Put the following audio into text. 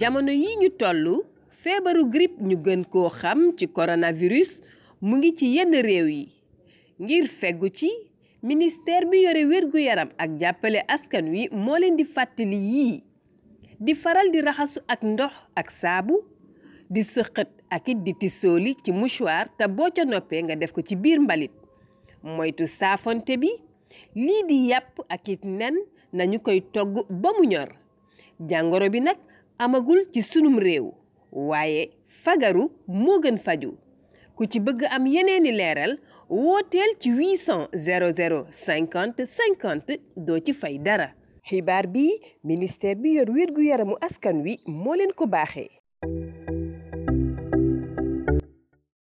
jamono yi ñu tollu feebaru grippe ñu gën koo xam ci coronavirus mu ngi ci yenn réew yi ngir feggu ci ministère bi yore wérgu yaram ak jàppale askan wi moo leen di fàttali yii di faral di raxasu ak ndox ak saabu di sëqat ak it di tisooli ci mouchoir te boo ca noppee nga def ko ci biir mbalit moytu saafonte bi lii di yàpp ak it nen nañu koy togg ba mu ñor jàngoro bi nag amagul ci sunum réew waaye fagaru moo gën faju ku ci bëgg am yeneeni leeral wooteel ci 800 00 50 50 doo ci fay dara xibaar bi ministère bi yor wér gu yaramu askan wi moo leen ko baaxee